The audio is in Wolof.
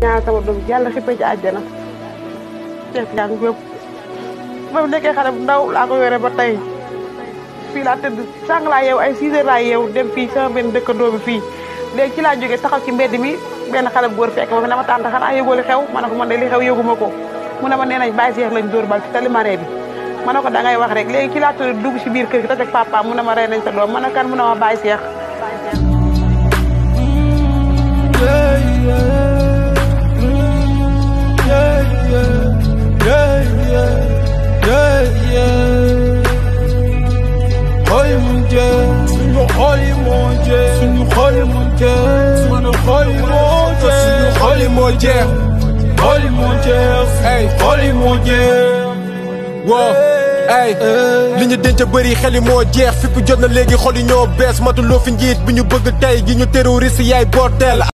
ñaan sama doom yàlla xippee ci àjjana Cheikh Ndiang Diop ba mu xale bu ndaw laa ko yore ba tey fii laa tëdd sàng laa yeew ay 6 heures laa yeew dem fii sama benn dëkkandoo bi fii léegi ci laa jógee taxaw ci mbedd mi benn xale bu góor fekk ma fi na ma te xanaa yëgoo xew ma ne ko man de li xew yëguma ko mu ne ma nee nañ bàyyi Cheikh lañ dóor bal ci tali maree bi ma ne ko da ngay wax rek léegi ci laa tëdd dugg si biir kër gi tase ak papa mu ne ma rey nañ sa doom ma ne kan mu ne ma bàyyi Dieu suñu xol yi moo jeex suñu xol yi moo jeex yi moo jeex suñu yi moo jeex xol yi moo jeex ay xol moo jeex waaw ay li ñu denc bëri xel yi moo jeex fipp jot na léegi xol yi ñoo bees loo fi njiit bi ñu bëgg tey gi ñu terroriste yaay bordel